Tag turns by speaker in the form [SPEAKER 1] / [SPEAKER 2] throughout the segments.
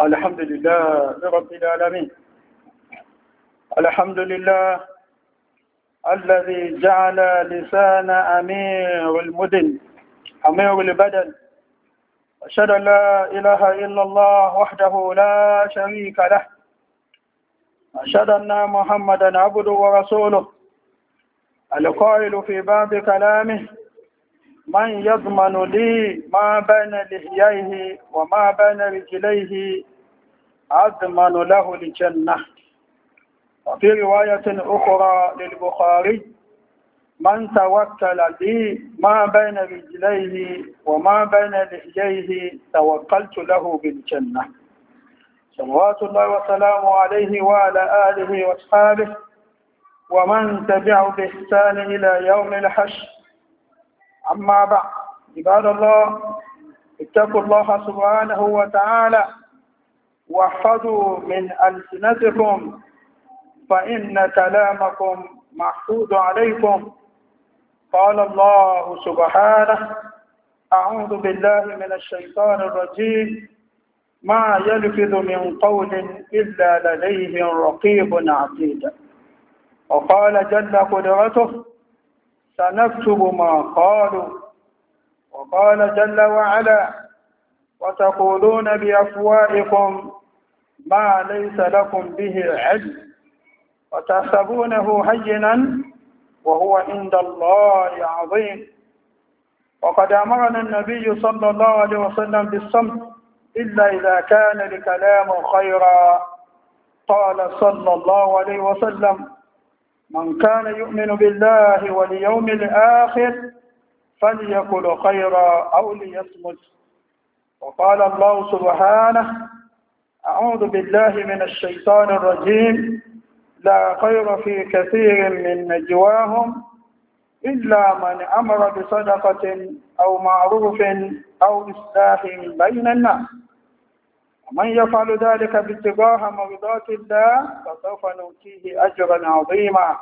[SPEAKER 1] الحمد لله رب العالمين الحمد لله الذي جعل لسان أمير المدن أمير البدن أشهد أن لا إله إلا الله وحده لا شريك له أشهد أن محمدا عبده ورسوله القائل في باب كلامه من يضمن لي ما بين لحييه وما بين رجليه أضمن له الجنة وفي رواية أخرى للبخاري من توكل لي ما بين رجليه وما بين لحييه توكلت له بالجنة صلوات الله وسلامه عليه وعلى آله وأصحابه ومن تبع بإحسان إلى يوم الحشر أما بعد عباد الله اتقوا الله سبحانه وتعالى واحفظوا من ألسنتكم فإن كلامكم محفوظ عليكم قال الله سبحانه أعوذ بالله من الشيطان الرجيم ما يلفظ من قول إلا لديه رقيب عتيد وقال جل قدرته سنكتب ما قالوا وقال جل وعلا وتقولون بأفوائكم ما ليس لكم به علم وتحسبونه هينا وهو عند الله عظيم وقد أمرنا النبي صلى الله عليه وسلم بالصمت إلا إذا كان لكلام خيرا قال صلى الله عليه وسلم من كان يؤمن بالله واليوم الآخر فليقل خيرا أو ليصمت وقال الله سبحانه أعوذ بالله من الشيطان الرجيم لا خير في كثير من نجواهم إلا من أمر بصدقة أو معروف أو إصلاح بين الناس ومن يفعل ذلك باتباع مرضات الله فسوف نؤتيه أجرا عظيما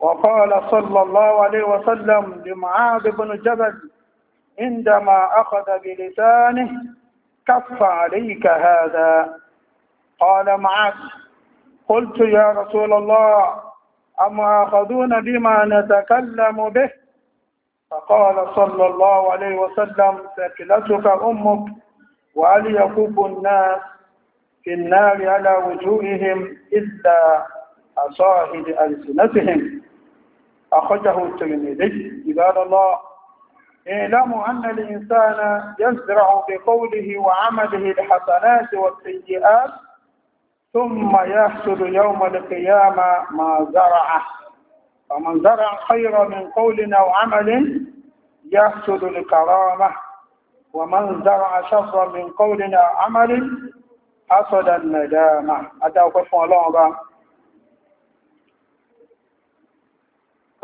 [SPEAKER 1] وقال صلى الله عليه وسلم لمعاذ بن جبل عندما أخذ بلسانه كف عليك هذا قال معاذ قلت يا رسول الله أما أخذون بما نتكلم به فقال صلى الله عليه وسلم ثكلتك أمك وهل يكف الناس في النار على وجوههم إلا اصاحب ألسنتهم أخرجه الترمذي عباد الله اعلموا أن الإنسان يزرع بقوله وعمله الحسنات والسيئات ثم يحصد يوم القيامة ما زرعه فمن زرع خيرا من قول أو عمل يحصد الكرامة ومن زرع شفرا من قولنا عمل أصد الندامة أتاكو فún ọlọ́run bá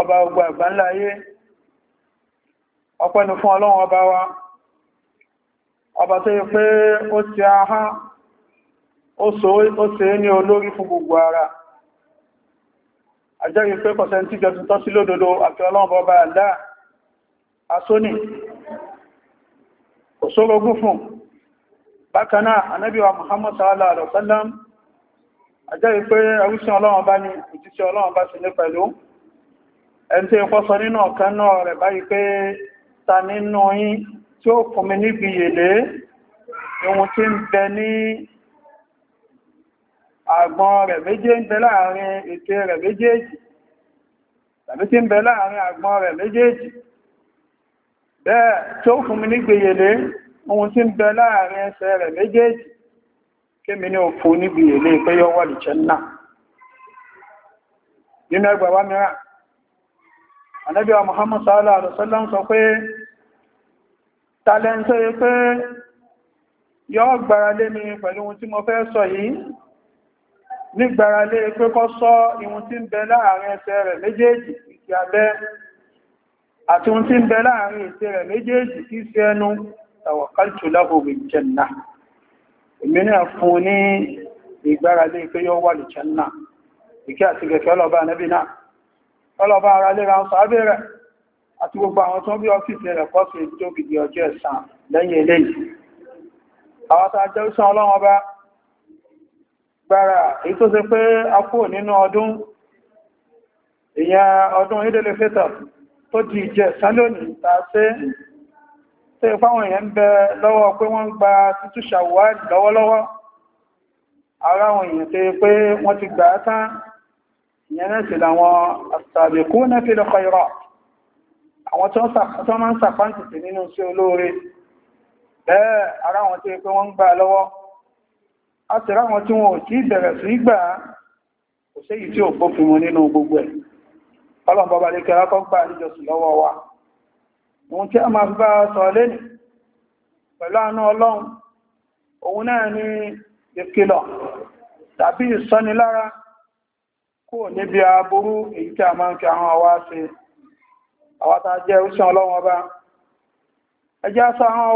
[SPEAKER 1] ọba ọgbà ìgbànlá ayé ọpẹ́ ni fún ọlọ́run ọba wa ọba tó yí pé ó ti ahá ó ṣe é ní olórí fún gbogbo ara àjẹ́rí pé kọ̀sẹ̀ tí jẹ́ tuntọ́ sí lódodo àti ọlọ́run bọ́ba àdá asóní kò sólógún fún bákanáà anábíwa muhammad sallallahu alaihi wasallam ajẹ́ ìpé ẹrúsìn ọlọ́run bá ní òjíṣẹ́ ọlọ́run bá sí ní pẹ̀lú ẹni tí ẹkọ́ sọ nínú ọ̀kan náà rẹ̀ báyìí pé ta nínú yín tí ó fún mi níbi yèlé ohun tí ń bẹ ní àgbọn rẹ̀ méjèèjì bẹ́ẹ̀ tó fún mi nígbèyèlé ohun tí ń bẹ láàrin ẹsẹ̀ rẹ̀ méjèèjì kémi ní òfò nígbèyèlé pé yọ wà lìjẹ́ náà nínú Ẹgbà wá mìíràn Ànábì Muhammad sallallahu alaihi wasallam sọ pé tàlẹ́ntẹ́ yẹ pé yọ́ gbáralé mi pẹ̀lú ohun tí mo fẹ́ sọ yìí ní gbáralé pé kó sọ ihun tí ń bẹ láàrin ẹsẹ̀ rẹ̀ méjèèjì ìkì abẹ́ àti ohun tí ń bẹ láàrin ìṣe rẹ̀ méjèèjì kí sí ẹnu tàwàkáltù láhùrù jẹ́nà èmi náà fún ní ìgbáralé pé yóò wà lè jẹ́nà ìkẹ́ àti gẹ̀kẹ́ ọlọ́ba anẹ́bí náà ọlọ́ba ara lè ra ń sàábẹ̀ rẹ̀ àti gbára èyí tó ṣe pé a kúrò nínú ọdún ìyẹn ọdún ìdílé fẹ́tọ̀ọ̀ tó di ìjẹ sálónì ìtàṣẹ́ tó ipá wọn èèyàn bẹ lọ́wọ́ pé wọ́n gba títú ṣàwárí lọ́wọ́lọ́wọ́ ara wọn èèyàn tó pé wọ́n ti gbà tán ìyẹn náà sí olóore ò tí bẹ̀rẹ̀ sí nínú gbogbo ẹ̀ ọlọ́run bọ́bá lè kẹ́rẹ́ kọ́ gbà níjọsìn lọ́wọ́ wa ohun tí a máa fi bá sọ lẹ́nì pẹ̀lú àánú ọlọ́run òun náà ni ìkìlọ̀ tàbí ìsọ́nilára kò níbi aburú èyí tí a máa ń fi àwọn àwa ṣe àwátá jẹ́ òṣìṣẹ́ ọlọ́run ọba ẹjá sọ àwọn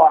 [SPEAKER 1] wà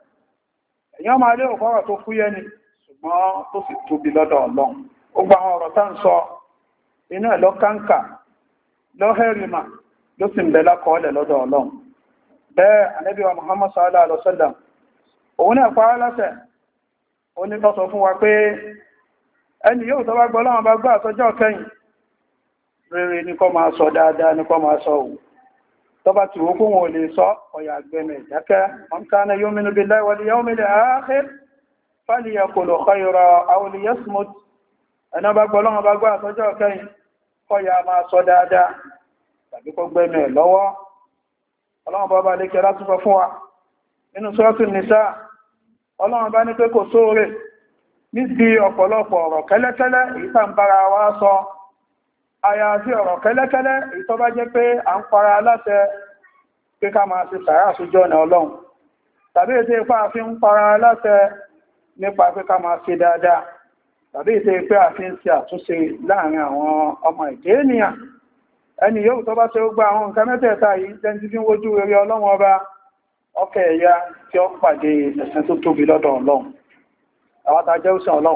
[SPEAKER 1] èyàn máa lé òkọ́rọ̀ tó fúyẹ́ ni ṣùgbọ́n tó sì tóbi lọ́dọ̀ ọlọ́run ó gba àwọn ọ̀rọ̀ tá ń sọ iná ẹ̀ lọ́kánkà lọ́hẹ́rìmà ló sì ń bẹ lákọọ́lẹ̀ lọ́dọ̀ ọlọ́run bẹ́ẹ̀ wa tọba tí ó kún wọn lè sọ ọ̀yà àgbẹ̀mẹ̀ ìdákẹ́ wọn ká na yóò mínú bí láìwọlì yóò mínú ààrẹ fàlìyà kò lọ kọ ìrọ̀ àwòlìyà smut ẹ̀nà bá gbọ́ lọ́wọ́ bá gbọ́ àtọ́jọ́ kẹyìn kọyà máa sọ dáadáa tàbí kó gbẹ̀mẹ̀ àyàfi ọ̀rọ̀ kẹ́lẹ́kẹ́lẹ́ ìtọ́ bá jẹ́ pé a ń para aláṣẹ pé ká máa ṣe sàárà sójú ọ̀nà ọlọ́run tàbí ètò ipá fi ń para aláṣẹ nípa pé ká máa ṣe dáadáa tàbí ètò ipá fi ń ṣe àtúnṣe láàrin àwọn ọmọ ìdè ènìyàn ẹni yóò ṣe àwọn nǹkan mẹ́tẹ̀ẹ̀ta yìí ọba ọkẹ̀ ẹ̀yà tí ó pàdé ẹ̀sìn tó tóbi lọ́dọ̀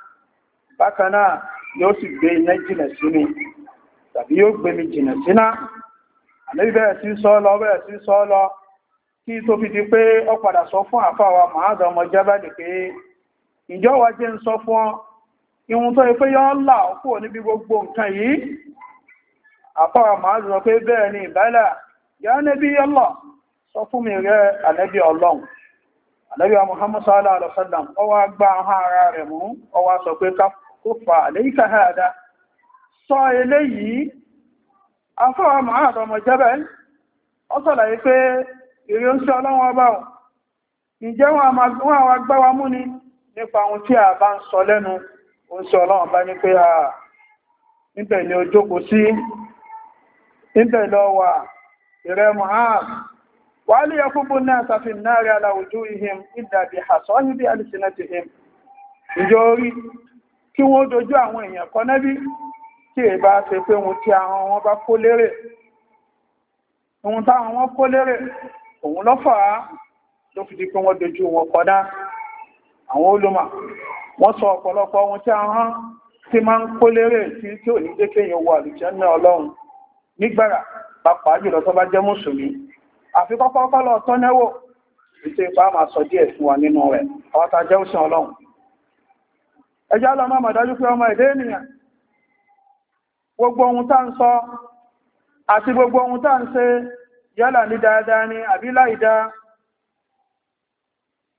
[SPEAKER 1] bákanáà náà ó sì gbé iná jìnà sí mi tàbí yóò gbé mi jìnà síná ànábì bẹ̀rẹ̀ sí sọ lọ sí lọ kí tó fi di pé ọ padà sọ fún àfáwà màádọ́ ọmọ jábàlì pé ìjọ wa jẹ́ ń sọ fún ọ gbogbo nǹkan yìí àfáwà sọ pé bẹ́ẹ̀ ni níbi sọ fún mi ọlọrun sallallahu alaihi ara mú sọ pé kuffa alayka hada sọ eléyìí afọ́wà Mu'adh ọmọ ọ sọ̀làyé pé èrè ń ọba ọ̀ ǹjẹ́ wọn àwọn agbáwa mú ni nípa ohun tí a bá ń sọ lẹ́nu bá ní pé a níbẹ̀ ni ó jókòó sí níbẹ̀ lọ wà ìrẹ́ wà kí wọ́n dojú àwọn èèyàn kan nẹ́bí tí è bá ṣe pé ohun tí àwọn wọn bá kó lérè ohun táwọn wọn kó lérè òun lọ́fà á ló fi di pé wọ́n dojú wọn kọdá àwọn olùmọ̀ wọ́n sọ ọ̀pọ̀lọpọ̀ ohun tí àwọn tí máa ń kó lérè tí tí ò ní jẹ́ kéèyàn wọ àlùjẹ́ ní ọlọ́run nígbàrà pàápàá jùlọ tó bá jẹ́ mùsùlùmí àfi kọ́kọ́ kọ́ lọ tọ́nẹ́wò ìṣe ipá máa sọ díẹ̀ fún wa nínú rẹ̀ àwọn tá a jẹ́ òsìn ọlọ́run ẹjá lọ máa mọ̀dájú pé ọmọ èdè ènìyàn gbogbo ohun tá ń sọ àti gbogbo ohun tá ń ṣe yálà ní dáadáa ni àbí láìdá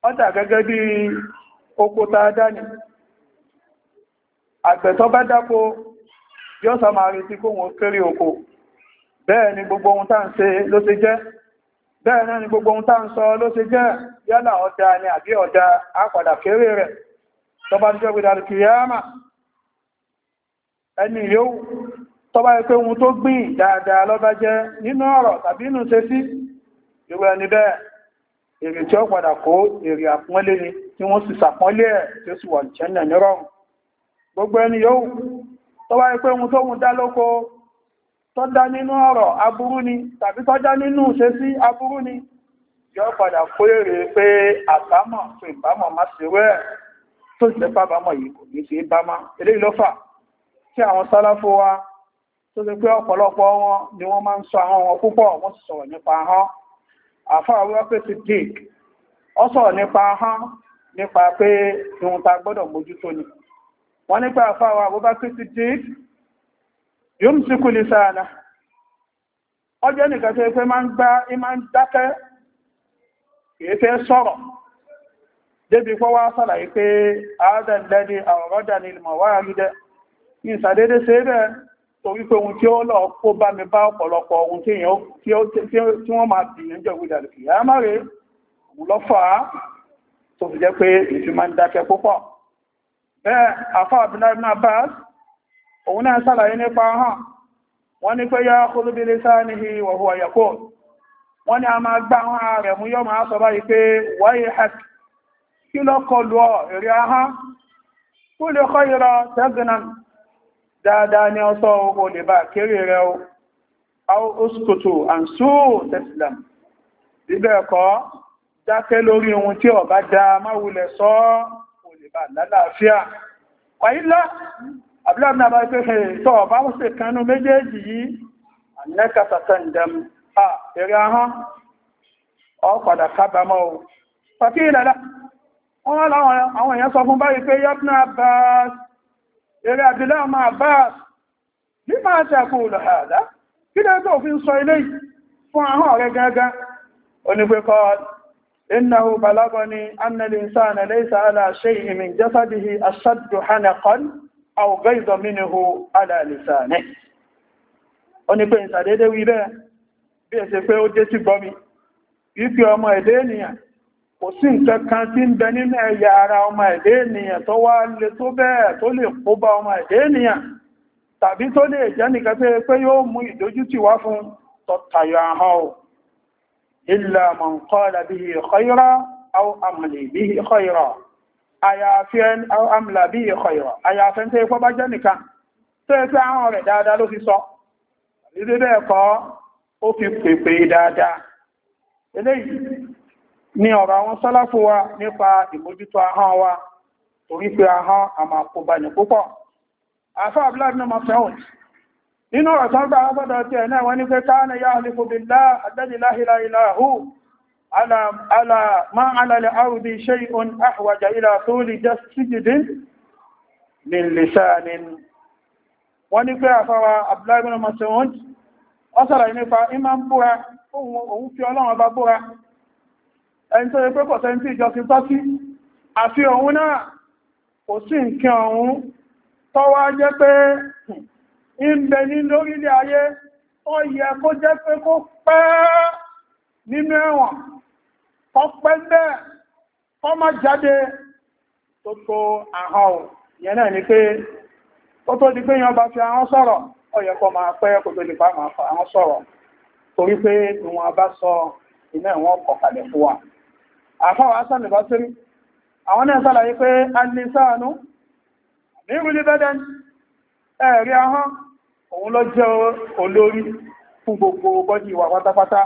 [SPEAKER 1] ọjà gẹ́gẹ́ bí oko tàádá ni àgbẹ̀tọ́ bá dáko yóò sá máa retí kó wọn kéré oko bẹ́ẹ̀ ni gbogbo ohun tá ń ṣe ló ṣe jẹ́ bẹ́ẹ̀ náà ni gbogbo ohun tá ń sọ ló ṣe jẹ́ yálà ọ̀dá ni àbí ọ̀dá á kéré rẹ̀ tọba jẹ́ gbẹ̀dà kìíyàmà ẹni yóò tọba ẹgbẹ́ ohun tó gbìn dáadáa lọ́bá jẹ́ nínú ọ̀rọ̀ tàbí inú ṣe sí ìwẹ̀ ẹni bẹ́ẹ̀ èrè tí ó padà kó èrè àpọ́nlé ni tí wọ́n sì sàpọ́nlé ẹ̀ tí ó sì wà jẹ́nà nírọ̀rùn gbogbo ẹni yóò tọba ẹgbẹ́ ohun tó mú dá lóko tó padà kó èrè pé àbámọ̀ fún ìbámọ̀ má ṣe wẹ́ẹ̀ tó sì lẹ́fà bá mọ̀ yìí kò ní ṣe bá má eléyìí ló fà tí àwọn sálàfò wa tó ṣe pé ọ̀pọ̀lọpọ̀ wọn ni wọ́n máa ń sọ àwọn wọn púpọ̀ wọ́n sì sọ̀rọ̀ nípa ahọ́n àfa àwúrọ̀ pé ti dìk ọ sọ̀rọ̀ nípa ahọ́n nípa pé ohun ta gbọ́dọ̀ mójútó ni wọ́n nípa àfa àwọn àbúbá pé ti dìk yóò sì kú ní sáànà ọjọ́ nìkan tó pé máa ń dákẹ́ kìí fẹ́ sọ̀rọ̀ débi pọ́ wá sàlàyé pé àádẹ́lẹ́dẹ́ àwọ̀rọ̀dà ni ìmọ̀wára gídẹ́ ní ìsàdédé ṣe rẹ̀ torí pé ohun tí ó lọ kó bá mi bá ọ̀pọ̀lọpọ̀ ohun tí wọ́n máa bìyàn jẹ́ ìwé àlùkì yá má rèé òun lọ fà á tó fi jẹ́ pé ìfi máa ń dákẹ́ wọ́n ní a máa gbá hàn rẹ̀ mú yọ́ máa sọ báyìí pé wáyé hàkì kí lọ kọlu ọ èrè ahá ó lè kọ́ ìrọ tẹ́gìnan dáadáa ní ọsọ́ o lè bá kéré rẹ o auskutu àǹsù tẹ́sìlám bíbẹ̀ ẹ̀kọ́ dákẹ́ lórí ohun tí ọba dá máwulẹ̀ sọ o lè bá lálàáfíà wàílá àbúláàbìnà bá pé hẹ̀ tọ́ ọba ó sì wọ́n láwọn àwọn èèyàn sọ fún báyìí pé yọ́pínà Abbas eré àdílé ọmọ Abbas ní máa tẹ́kù lọ́hàdá kí ní ẹgbẹ́ òfin sọ ilé fún àwọn ọ̀rẹ́ gẹ́gẹ́ onígbékọ́ innahu balagani annal insana ala shay'in min jasadihi ashaddu hanaqan aw ghayza minhu ala lisanihi onígbé ìsàdédé wí bẹ́ẹ̀ bí ẹ̀sẹ̀ kò sí nǹkan kan tí ń bẹ nínú ẹ̀yà ara ọmọ ẹ̀dẹ́ ènìyàn tó wá lè tó bẹ́ẹ̀ tó lè kó bá ọmọ ẹ̀dẹ́ ènìyàn tàbí tó lè jẹ́ nìkan tó pé yóò mú ìdójútì wá fún tọ́tayọ ahọ́n o illa man qala bihi khayra aw amla bihi khayra ní ọ̀rọ̀ àwọn sàláfù wa nípa ìmójútó ahọ́n wa torí pé ahọ́n àmà àkóbáyìn púpọ̀. àfá abúláàbí náà máa fẹ́hùn nínú ọ̀rọ̀ sọ́gbà agbọ́dọ̀ tí ẹ̀ náà wọ́n ní pé káàna yá alifobìnlá àdẹ́dìláhìlá ìlàhù aláàmà alàlẹ̀ àrùdí ṣe ìhun àwàjà ìlà tó lè jẹ́ síjìdín ní lèṣànín wọ́n ní pé àfáwà ẹni tó yẹ pé kọ̀ sẹ́ntí ìjọsìn tọ́sí àfi òun náà kò sí nǹkan ọ̀hún tọ́wọ́ jẹ́ pé ń bẹ ní lórílẹ̀ ayé ó yẹ kó jẹ́ pé kó pẹ́ nínú ẹ̀wọ̀n kó pẹ́ bẹ́ẹ̀ kó má jáde tó tó àhàn yẹn náà ni pé ó tó di pé yàn bá fi àwọn sọ̀rọ̀ ó yẹ kó máa pẹ́ kó tó lè bá àwọn sọ̀rọ̀ torí pé ìwọ̀n bá sọ iná ìwọ̀n kọ̀kalẹ̀ fún wa àfáwà sàn ìbátírí àwọn náà sàlàyé pé alìsáànú ní ìrìlẹ̀ bẹ́dẹ̀n ẹ̀rí ahọ́n òun ló jẹ́ olórí fún gbogbo bọ́dì wa pátápátá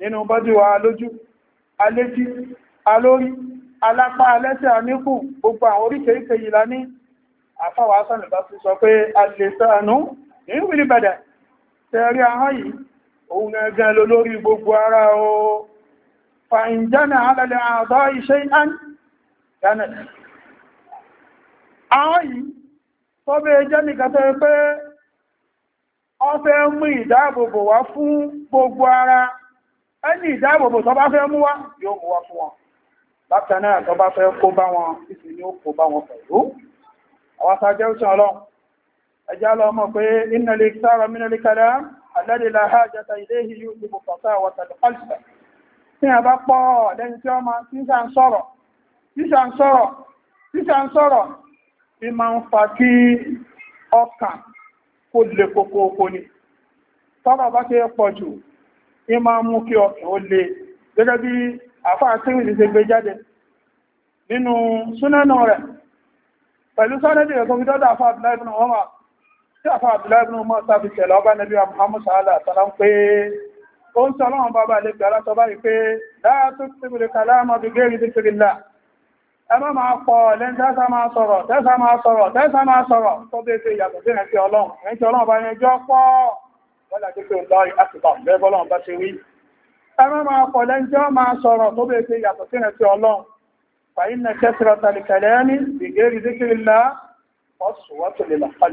[SPEAKER 1] nínú bọ́dì wa lójú alétí alórí alápá alẹ́sẹ̀ àníkù gbogbo àwọn oríkèríkè yìí lá ní àfáwà sàn ìbátírí sọ pé alìsáànú ní ìrìlẹ̀ bẹ́dẹ̀n ẹ̀rí ahọ́n yìí òun gẹ́gẹ́ lólórí gbogbo ara ooo فإن جنى على الأعضاء شيئا كانت أي yìí tó bẹ́ jẹ́ nìkan tó pé ó fẹ́ mú ìdáàbòbò wá fún gbogbo ara ẹni ìdáàbòbò tó bá fẹ́ mú wá yóò mú wá fún wọn bákan náà tó bá fẹ́ kó bá wọn ìsì ni ó kó bá wọn pẹ̀lú àwọn sáájẹ́ òṣìṣẹ́ ọlọ́run ẹjá lọ mọ̀ pé innal ikthara minal kalam alladhi la hajata ilayhi tí a bá pọ̀ lẹ́yìn tí ọmọ tíṣà ń sọ̀rọ̀ tíṣà ń sọ̀rọ̀ tíṣà ń sọ̀rọ̀ tí ma ń fa kí ọkàn kó lè kókó oko ni tọ́rọ̀ bá ṣe pọ̀ jù ní ma ń mú kí ọkàn ó lè gẹ́gẹ́ bí àfáà tí ìrìn ṣe gbé jáde nínú súnẹ́nù rẹ̀ pẹ̀lú sọ́nẹ́dì rẹ̀ tó fi dọ́dọ̀ àfáà Abdullahi ibn Umar tí àfáà Abdullahi ibn Umar sáfi ó ń sọ ọlọ́run bàbá lè gbà látọ báyìí pé dáa tó ti bèèrè kàlámà bí gẹ́rì ti fèrè là ẹ má máa pọ̀ lẹ́n tẹ́sà máa sọ̀rọ̀ tẹ́sà máa sọ̀rọ̀ tẹ́sà máa sọ̀rọ̀ tó bẹ́ẹ̀ ṣe yàtọ̀ sí ẹ̀ńtì ọlọ́run ẹ̀ńtì ọlọ́run bá yẹn jọ pọ̀ wọ́n láti pé ọlọ́run àtìbà bẹ́ẹ̀ bọ́lọ́run bá ṣe wí ẹ má máa pọ̀ lẹ́n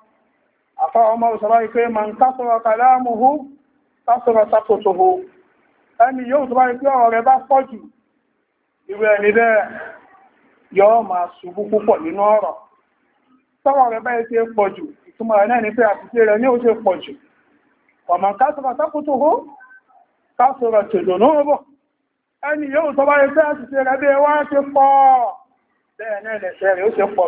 [SPEAKER 1] afá ọmọ òsọ́rọ̀ ipé ma ń kásọ̀rọ̀ kàlámùhú kásọ̀rọ̀ sàkòtòhò ẹni yóò tó bá ipé ọ̀rọ̀ rẹ̀ bá pọ̀ jù irú ẹni bẹ́ẹ̀ yóò máa ṣubú púpọ̀ nínú ọ̀rọ̀ sọ́rọ̀ rẹ̀ bá ti pọ̀ jù ìtumọ̀ rẹ̀ náà ni pé àtúnṣe rẹ̀ ní ó ṣe pọ̀ jù ọmọ kásọ̀rọ̀ sàkòtòhò kásọ̀rọ̀ tèdò náà bọ̀ ẹni yóò tó bá ipé àtúnṣe rẹ̀ bẹ́ẹ̀ wá ṣe pọ̀ bẹ́ẹ̀ náà lẹ̀ṣẹ̀ rẹ̀ ó ṣe pọ̀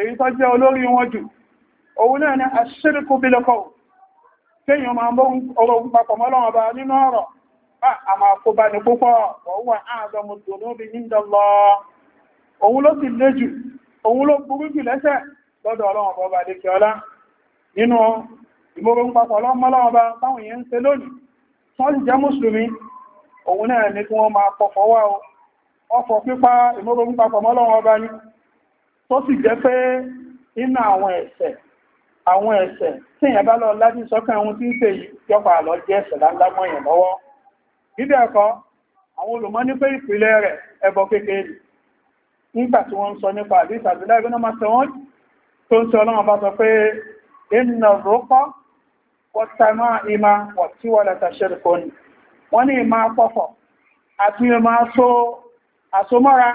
[SPEAKER 1] èyí tó jẹ́ olórí wọn jù òun náà ni àṣírìkú bílọ́kọ̀ kéèyàn máa bọ́ ọ̀rọ̀ papọ̀ mọ́lọ́wọ́ bá nínú ọ̀rọ̀ ah, a máa kó bá ní púpọ̀ wọ́n wà áàzọmù tòlóbi ìndọ̀lọ́ òun ló sì lé jù òun ló burú jù lẹ́sẹ̀ lọ́dọ̀ ọlọ́wọ́ bá wọ́n sì jẹ́ mùsùlùmí òun pípa ìmọ̀rọ̀ papọ̀ mọ́lọ́wọ́ ní tó sì jẹ́ pé nínú àwọn ẹ̀ṣẹ̀ àwọn ẹ̀ṣẹ̀ tí èyàn bá lọ lájú sọ́kàn ohun tí ń ṣe yìí yọpa àlọ́ jẹ́ ẹ̀ṣẹ̀ láńlámọ́ èyàn lọ́wọ́ bíbẹ̀ ẹ̀kọ́ àwọn olùmọ̀ ní pé ìpìlẹ̀ rẹ̀ ẹbọ kékeré nígbà tí wọ́n ń sọ nípa àbí ìsàbílẹ̀ ẹgbẹ́ náà máa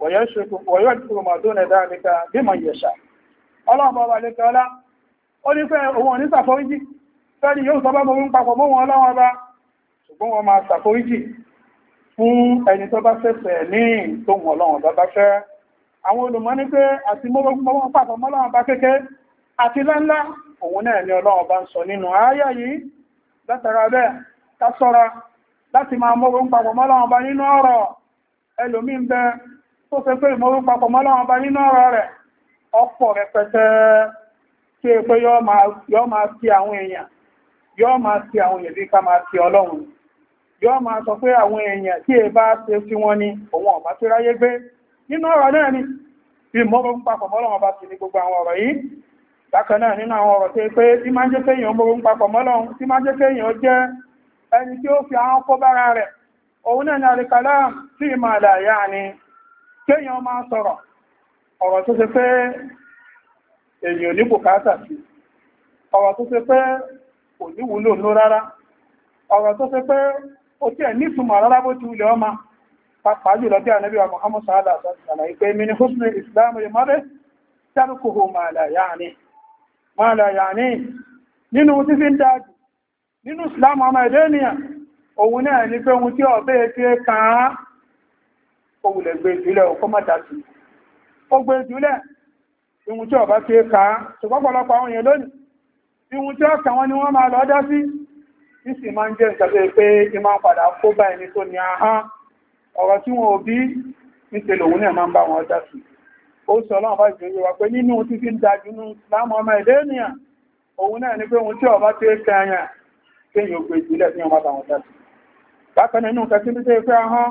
[SPEAKER 1] wọ̀yọ́dúkùrù màdúnà dáadéka bí mọ̀ yẹ̀ṣà ọlọ́run bọ́ba lè kọ́lá ó ní fẹ́ òun ò ní ṣàforíjì fẹ́ni yóò sọ bá mọ̀ ń papọ̀ mọ́ wọn ọlọ́run ọba ṣùgbọ́n wọn máa ṣàforíjì fún ẹni tó bá ṣẹ̀ṣẹ̀ ní tó wọn ọlọ́run ọba bá fẹ́ àwọn olùmọ̀ ní pé àti mọ́wọ́n papọ̀ mọ́ ọlọ́run ọba àti lánlá òun náà ni ọlọ́run ọba ń sọ nínú àáyà yìí tó fẹ́ pé ìmọ̀rún papọ̀ mọ́láwọn bá nínú ọ̀rọ̀ rẹ̀ ọ̀pọ̀ rẹpẹtẹ tí ó pé yọ́ ma sí àwọn èèyàn yọ́ máa sí àwọn èèyàn bí ká máa sí ọlọ́run sọ pé àwọn èèyàn tí è bá ṣe sí wọn ni òun tí ráyé gbé nínú ọ̀rọ̀ náà ni ìmọ̀rún papọ̀ bá ti ní gbogbo àwọn ọ̀rọ̀ yìí bákan náà nínú àwọn ọ̀rọ̀ tí ó pé tí máa ń jẹ́ mọ̀rún papọ̀ tí máa ń jẹ́ jẹ́ ẹni tí ó fi àwọn kó bára rẹ̀ òun náà ni tí ìmọ̀ ni kéèyàn máa sọ̀rọ̀ ọ̀rọ̀ tó ṣe fẹ́ èyàn ní bùkátà sí ọ̀rọ̀ tó ṣe fẹ́ kò ní wúlò rárá ọ̀rọ̀ tó ṣe fẹ́ ó tí ẹ̀ ní ìtumọ̀ rárá bó ti wulẹ̀ ọmọ pàápàá bí ànábì wa Muhammad sallallahu alaihi wa sallam kó wulẹ̀ gbé ìjúlẹ̀ ò kó má dàtú ó gbé ìjúlẹ̀ ìhun tí ọba ṣe kà á ṣùgbọ́n pọ̀lọpọ̀ àwọn èèyàn lónìí ìhun tí ọkà wọn ni wọ́n máa lọ dá sí ìsì máa ń jẹ́ nǹkan tó pé ì máa ń padà kó bá ẹni tó ní ahán ọ̀rọ̀ tí wọn ò bí níṣe lòun náà máa ń ni pé ohun tí ọba ṣe bákan nínú nǹkan tí ó ṣe ahán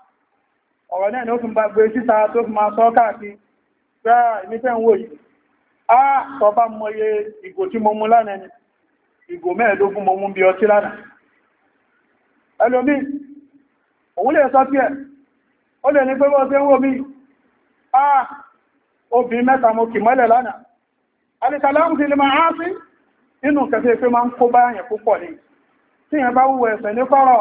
[SPEAKER 1] ọ̀rọ̀ náà ni ó tún bá gbé síta tó fi máa sọ káàkiri rárá èmi fẹ́ ń wò yìí á sọ bá mọye ìgò tí mo mú lánàá mo mú bí ọtí lánàá ẹlòmí òun lè sọ tí ẹ̀ ó lè ní mẹ́ta mo kì mọ́lẹ̀ lánàá alìsàlámù sí lè máa á sí nínú kẹfẹ́ pé máa ń kó báyàn púpọ̀ ni tí ìyẹn bá wúwo ẹ̀sẹ̀ ní kọ́rọ̀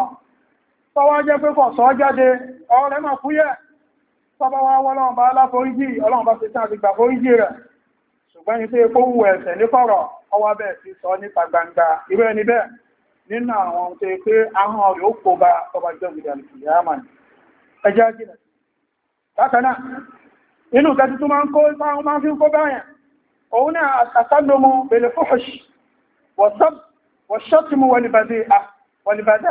[SPEAKER 1] tọ́wọ́ jẹ́ pé kọ̀ sọ jáde ọ̀rọ̀ rẹ̀ máa fúyẹ́ tọ́bọ́ wá wọ́lọ́wọ́n bá aláforíjì ọlọ́run bá ti tán àti gbà foríjì rẹ̀ ṣùgbọ́n ní pé kó wù ẹ̀ṣẹ̀ ní kọ̀rọ̀ ọwọ́ bẹ́ẹ̀ ti sọ níta gbangba irú ẹni bẹ́ẹ̀ nínú àwọn ohun tó yẹ pé ahọ́n rẹ̀ ó kó bá ọba jọ ìdí àlùkìyàmà ni ẹjẹ́ jìnà bákan náà inú ìtẹ́tí tó máa ń kó sáwọn máa fi ń kó báyẹn òun náà àtàkándomo bèlè fúhùṣ wọ̀ṣọ́tìmù wọlìbàdà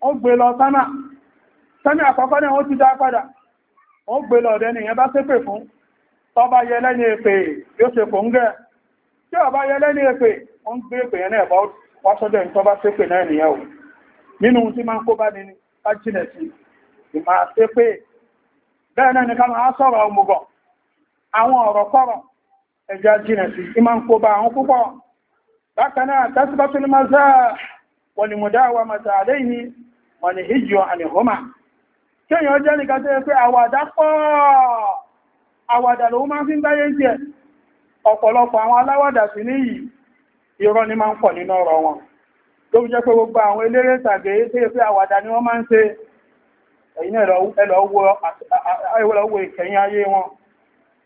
[SPEAKER 1] ó gbé lọ sánà sẹ́mì àkọ́kọ́ ní ó ti dá padà ó gbé lọ ọ̀dẹ́ nìyẹn bá fún tọba yẹ lẹ́ni èpè yóò ṣe gẹ́ tí ọba yẹ lẹ́ni èpè ó ń gbé èpè yẹn náà wá náà o nínú tí máa ń kó bá ni máa sọ̀rọ̀ àwọn ọ̀rọ̀ kọ̀rọ̀ ẹja ń kó bá àwọn púpọ̀ bákan náà tẹ́sí bá tún ní máa والمداومة عليه والنهي عنهما kéèyàn jẹ́ nìkan tó yẹ pé àwàdà pọ̀ àwàdà ló máa fi ń báyé jẹ́ ọ̀pọ̀lọpọ̀ àwọn aláwàdà sí ní yìí irọ́ ni máa ń pọ̀ nínú ọ̀rọ̀ wọn tó jẹ́ pé gbogbo àwọn eléré tàgé tó yẹ pé àwàdà ni wọ́n máa ń ṣe ẹ̀yìn ẹ̀lọ́wọ́ ìkẹyìn ayé wọn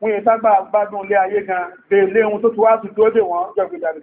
[SPEAKER 1] wọ́n yẹ sábà gbádùn ilé ayé gan bèèlé ohun tó ti wá ti dóde wọn jẹ́ gbèdàgbè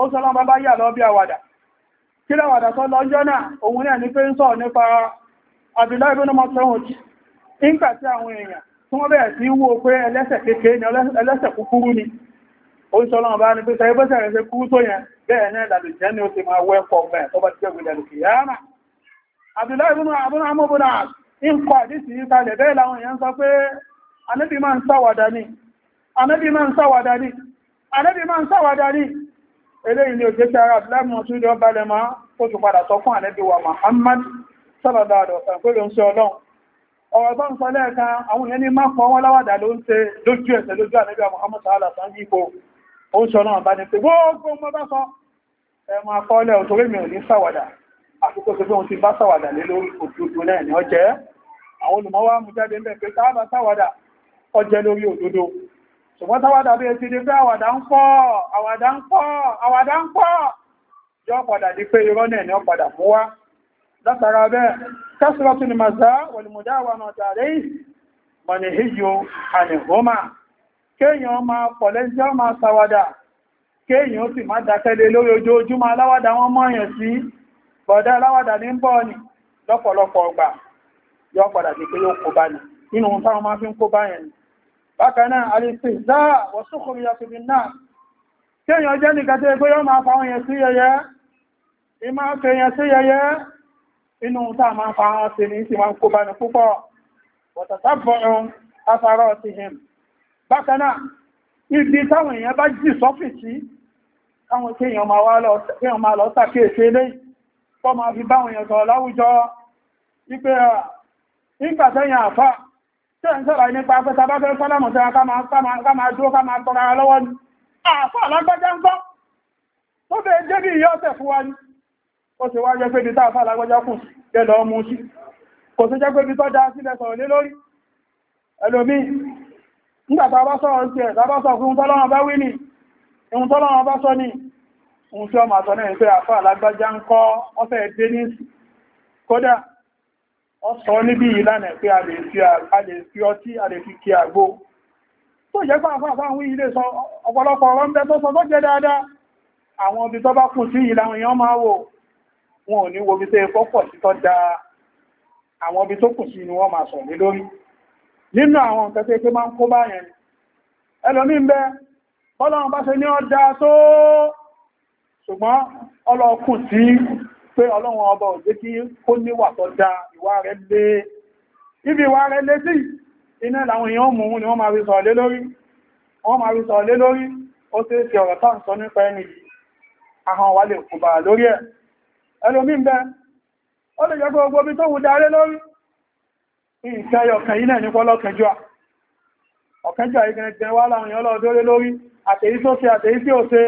[SPEAKER 1] ó sọ́lọ́ bá bá yà lọ bí àwàdà kí láwàdà sọ lọ jọ́nà òun náà ní pé ń sọ nípa Abdullahi ibn Mas'ud nígbà tí àwọn èèyàn tí wọ́n bẹ̀rẹ̀ sí ni ẹlẹ́sẹ̀ kúkúrú ni ó sọ́lọ́ bá ní pé sẹ́yẹ́ bẹ́sẹ̀ rẹ̀ ṣe kúrú tó yẹn bẹ́ẹ̀ náà lálù jẹ́ ni ó ti máa wẹ́kọ̀ mẹ́ tó bá ti jẹ́ gbẹ̀dẹ̀ lùkì yára Abdullahi ibn amúbùnà ń kọ àdísì yí kalẹ̀ bẹ́ẹ̀ làwọn èèyàn sọ pé sáwàdà ni anábì máa ń sáwàdà ni eléyìí ni òjé tí ara abdullahi mọ̀ tún jọ balẹ̀ máa ó tún padà sọ fún ànábì wa Muhammad sallallahu alaihi wasallam pé ló ń ṣe ọlọ́run ọ̀rọ̀ tó ń sọ lẹ́ẹ̀kan àwọn èèyàn ní máa pọ̀ wọ́n láwàdà ló ń ṣe lójú ẹ̀sẹ̀ lójú ànábì wa Muhammad sallallahu alaihi wasallam yípo ó ń sọ náà bá ní pé gbogbo mọ́ bá sọ ẹmọ akọọ́lẹ̀ òtòrí mi ò ní ṣàwàdà àkókò tó pé òun ti bá ṣàwàdà lé lórí òdodo náà ní ọjẹ́ àwọn olùmọ́wá mú jáde ń bẹ̀ pé sáábà ṣàwàdà ọjẹ́ ṣùgbọ́n táwàdà bí ẹ̀sì ní pé àwàdà ń pọ̀ àwàdà ń pọ̀ àwàdà ń pọ̀ yọ padà di pé irọ́ náà ni ó padà mú wá látara bẹ́ẹ̀ kásìlọ́tù ni màzá wọlùmùdá àwọn ọ̀tàrẹ́ mọ̀nì híjò ànìhómà kéèyàn máa pọ̀lẹ́jọ́ máa ṣàwàdà kéèyàn sì má dákẹ́lẹ́ lórí ojoojúmọ́ aláwàdà wọn ní bọ́ ni lọ́pọ̀lọpọ̀ máa fi bákanáà àrísì záà wọ̀súkùnrin yàtùbí náà tí èyàn jẹ́ nìkan tí ẹgbẹ́ yọ́ máa fàwọn yẹn sí yẹyẹ ìmá fẹ́ yẹn sí yẹyẹ inú táà máa fa àwọn sí ní sí máa kó bá ní púpọ̀ wọ̀tàtàbọ̀rún afárọ̀ sí him bákanáà ibi táwọn èèyàn tẹ́ ń sọ̀rọ̀ nípa pẹ́ta bá fẹ́ sọ́lọ́mù tẹ́ ká máa dúró ká máa tọrọ lọ́wọ́ ni àfọ́ alágbájá ń gbọ́ tó bẹ̀ẹ́ jẹ́ bí ìyọ́ ọ̀sẹ̀ fún wa ni ó sì wá jẹ́ pé bí táàfà alágbájá kù lẹ́lọ ọmọ sí kò sí jẹ́ pé bí tọ́ da sílẹ̀ sọ̀rọ̀ lé lórí ẹlòmí nígbà tá bá sọ̀rọ̀ sí ẹ̀ lábá sọ fún tọ́lọ́wọ́ bá wí ni ohun tọ́lọ́wọ́ bá sọ ni ohun kódà ọ̀sọ̀ níbi ìlànà pé a lè fi ọtí a lè fi kí àgbó tó jẹ́ pàápàá àwọn ilé sọ ọ̀pọ̀lọpọ̀ ọ̀rọ̀ ń bẹ tó sọ tó jẹ́ dáadáa àwọn ibi tó bá kù sí ìlànà èèyàn máa wò wọn ò ní wo bí tó ẹkọ́ pọ̀ sí tó da àwọn ibi tó kù sí ni wọ́n máa sọ ní lórí nínú àwọn nǹkan tó pé máa ń kó báyẹn ẹlòmí ń bẹ bọ́lọ́run bá ṣe ní ọjà tó ṣùgbọ́n ọlọ́kùn sí pé ọlọ́run ọba òjé kí ó níwà tó dá ìwà rẹ̀ lé ibi ìwà rẹ̀ lé sí iná làwọn èèyàn mú ni wọ́n máa rí sọ̀lé lórí wọ́n máa rí sọ̀lé lórí ó tẹ́ sí ọ̀rọ̀ tán sọ nípa ẹni yìí ahọ́n wà lè kò bà lórí ẹ̀ ẹlòmí ń bẹ ó lè jẹ́ gbogbo bí tó wù daré lórí nǹkan ẹyọ yìí náà ní pọ́lọ́ kẹjọ ìgbẹ̀rẹ̀ jẹ láwọn èèyàn lọ́dọ́rẹ́ lórí àtèyí tó ṣe àtèyí tí ó ṣe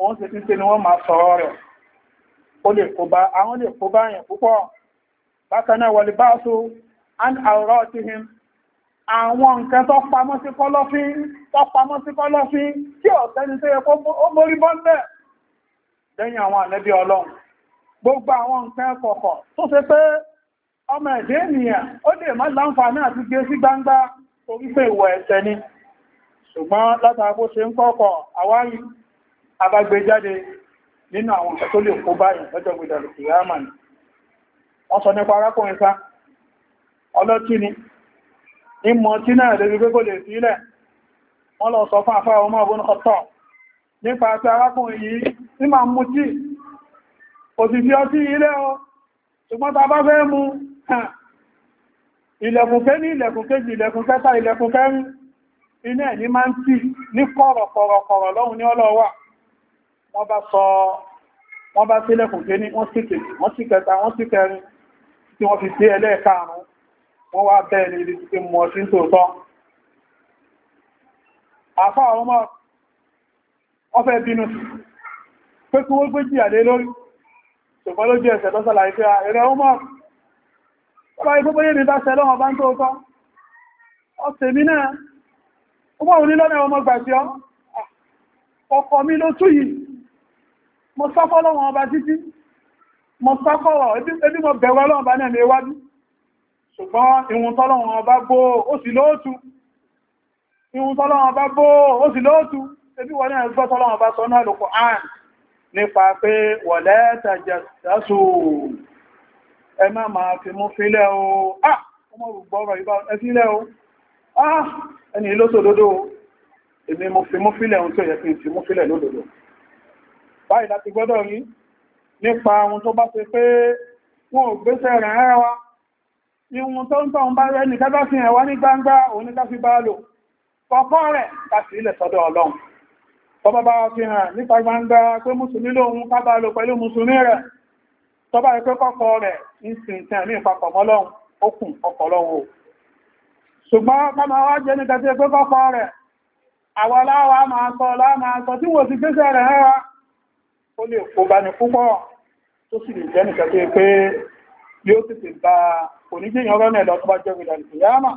[SPEAKER 1] òun sì ti ṣe ni wọ́n máa sọ̀rọ̀ rẹ̀ ó lè kó bá àwọn lè kó bá yẹn púpọ̀ bákanáà wọlé bá so an àwòrán ti him àwọn nǹkan tó pamọ́ sí kọ́lọ́fín tó pamọ́ sí kọ́lọ́fín tí ọ̀tẹ́ni tó yẹ kó mórí bọ́ńbẹ̀ lẹ́yìn àwọn ànẹ́bí ọlọ́run gbogbo àwọn nǹkan kọ̀kọ̀ tó ṣe pé ọmọ ẹ̀dẹ́ ènìyàn ó lè má láǹfààní àti gbé sí gbangba torí pé ìwọ̀ ẹ̀ṣẹ̀ ni ṣùgbọ́n látàkó ṣe ń kọ́kọ̀ àwárí nínú àwọn tó lè kó báyìí lọ́jọ́ gbìdàlù kìyàmà ni wọ́n sọ nípa arákùnrin sá ọlọ́tí ni ìmọ̀ tí náà lè wípé kò lè sílẹ̀ wọ́n lọ sọ fún àfá ọmọ ọgbọ́n ọ̀tọ̀ nípa àti arákùnrin yìí tí ma mú tí kò sì fi ọtí ilé o ṣùgbọ́n ta bá fẹ́ mú ilẹ̀kùn ké ní ilẹ̀kùn kéjì ilẹ̀kùn kẹta ilẹ̀kùn kẹrin iná ẹ̀ ní máa ń tì ní kọ̀rọ̀kọ̀rọ̀kọ̀rọ̀ wọ́n bá sọ wọ́n bá sílẹ̀kùn dé ní wọ́n sì kejì wọ́n sì kẹta wọ́n sì kẹrin tí wọ́n fi dé ẹlẹ́ẹ̀karùn-ún wọ́n wá bẹ́ẹ̀ ní ibi títí mọ̀ sí tòótọ́ àfá àwọn ọmọ wọ́n fẹ́ bínú sí pé kí wọ́n gbé jìyà lé lórí ṣùgbọ́n ló jẹ́ ẹ̀sẹ̀ lọ́sọ̀lá ìfẹ́ ẹ̀rẹ́ ọmọ ọba ikú bóyé ní dáṣẹ́ lọ́wọ́ bá ń tòótọ́ ọ̀sẹ̀ mi náà ó mọ̀ òní mo sọ́fọ́ lọ́wọ́ ọba títí mo sọ́fọ́rọ̀ ẹbí mo bẹ̀rọ lọ́wọ́ ọba náà léwájú ṣùgbọ́n ìhun tọ́lọ́wọ́ ọba bó ó sì lóòtú ìhun tọ́lọ́wọ́ ọba bó ó sì lóòtú ẹbí wọ́n náà gbọ́ tọ́lọ́wọ́ ọba sọ náà lókò án nípa pé wọ̀lẹ́ tàjẹ̀sù ẹ má máa fi mú fílẹ̀ o ah ọmọ rùgbọ́rọ̀ ìbá ẹ fílẹ̀ o ah ẹni lóṣòdodo èmi mo fi mú fílẹ̀ ohun tó yẹ kí n fi mú fílẹ̀ lódodo báyìí láti gbọ́dọ̀ rí nípa ohun tó bá ṣe pé wọn ò gbéṣẹ́ rẹ̀ rẹ̀ wa ihun tó ń tọ́ ń bá rẹ̀ ní fi hàn ní gbangba bá rẹ̀ láti ilẹ̀ sọ́dọ̀ ọlọ́run tọba bá fi hàn nípa gbangba pé mùsùlùmí lòun pẹ̀lú mùsùlùmí rẹ̀ tọba rẹ̀ ó lè kó bá ní púpọ̀ tó sì lè jẹ́ nìkan tó yẹ pé yóò tètè bá oníjìyàn ọ̀rọ̀ náà lọ tó bá jẹ́ ìdà ìyáàmà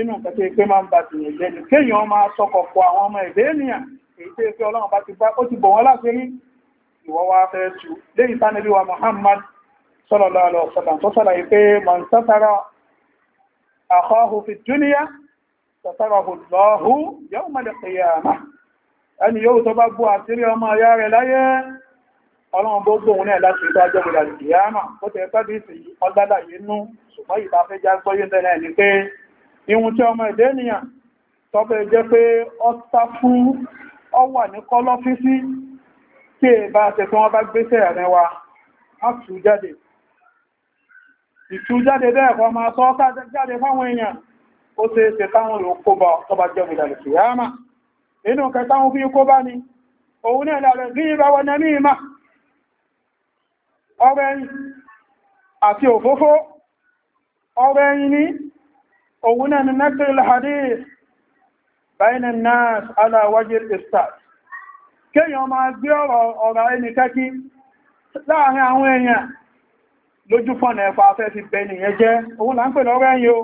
[SPEAKER 1] inú nǹkan tó yẹ pé máa ń ba tìyàn jẹ́ ni kéèyàn máa sọkọ̀ pọ̀ àwọn ọmọ ẹ̀dẹ́ ènìyàn èyí tó yẹ pé ọlọ́run bá ti bá ó ti bọ̀ wọ́n láṣẹ́rí ìwọ́ wa fẹ́ tu lẹ́yìn sánẹ́bí wa Muhammad sallallahu alaihi wasallam tó sàlàyé pé man satara akhahu fi dunya satarahu Allahu yawmal qiyamah ẹni yóò tó bá bú àṣírí ọmọ ayá rẹ̀ láyé ọlọ́run gbogbo òun náà láti ìgbà jẹ́ ìrìnàjò ìyáàmà tó tẹ́ pẹ́ bí sí ọlọ́dà yìí nú ṣùgbọ́n ìbáfẹ́ já gbọ́yé bẹ̀rẹ̀ ní pé ihun tí ọmọ ẹ̀dẹ́ ènìyàn tọ́bẹ̀ jẹ́ pé ọ sá fún ọ wà ní kọ́lọ́fíìsì tí è bá ṣe fún wọn bá gbéṣẹ́ rẹ̀ wa á tú jáde ìtú jáde bẹ́ẹ̀ kọ́ máa sọ jáde fáwọn èèyàn ó ṣe é ṣe káwọn ló kó bọ jẹ́ ìrìnàjò ìyáàmà inú kẹta ń fi kó bá ní òun náà lọ́rọ̀ ní ìbáwọ̀ náà ní ìmá ọ̀rẹ́yìn àti òfófó ọ̀rẹ́yìn ní òun náà ni nẹ́tìl hadith bainan nas ala wajil istat kéèyàn máa gbé ọ̀rọ̀ ọ̀rọ̀ ẹni kẹ́kí láàrin àwọn èèyàn lójú fọ́nà ẹ̀fà afẹ́ fi bẹni ẹjẹ́ òun là ń pè lọ́rẹ́yìn o